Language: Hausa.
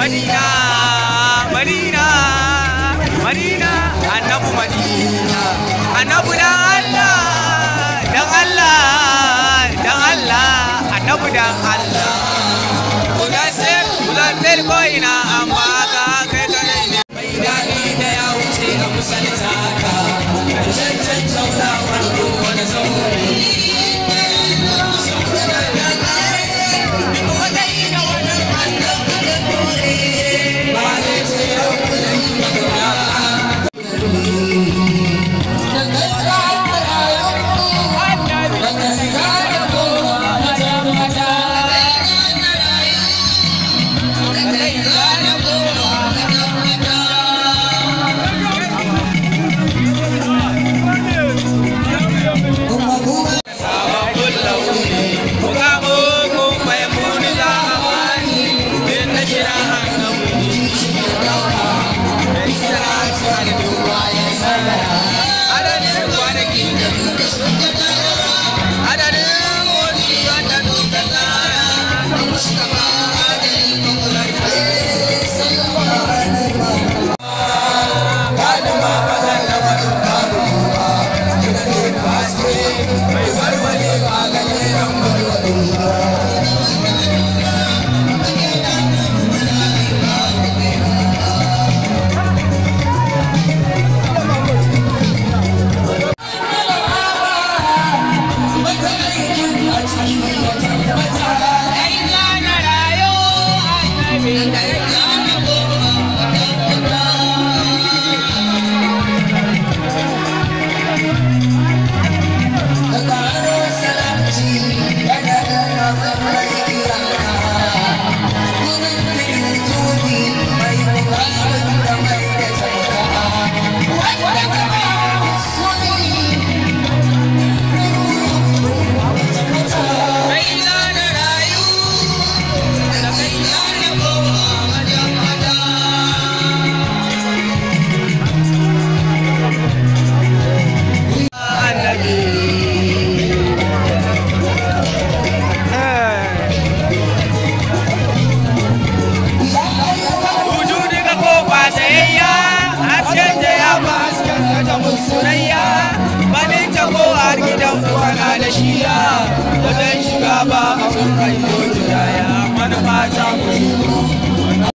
madina madina madina annabu madina annabu dan allah dan allah dan allah annabu dan allah ku zan ko ina amma dan da shiya da dan shiga ba a kun rayu jiraya manufa ta mu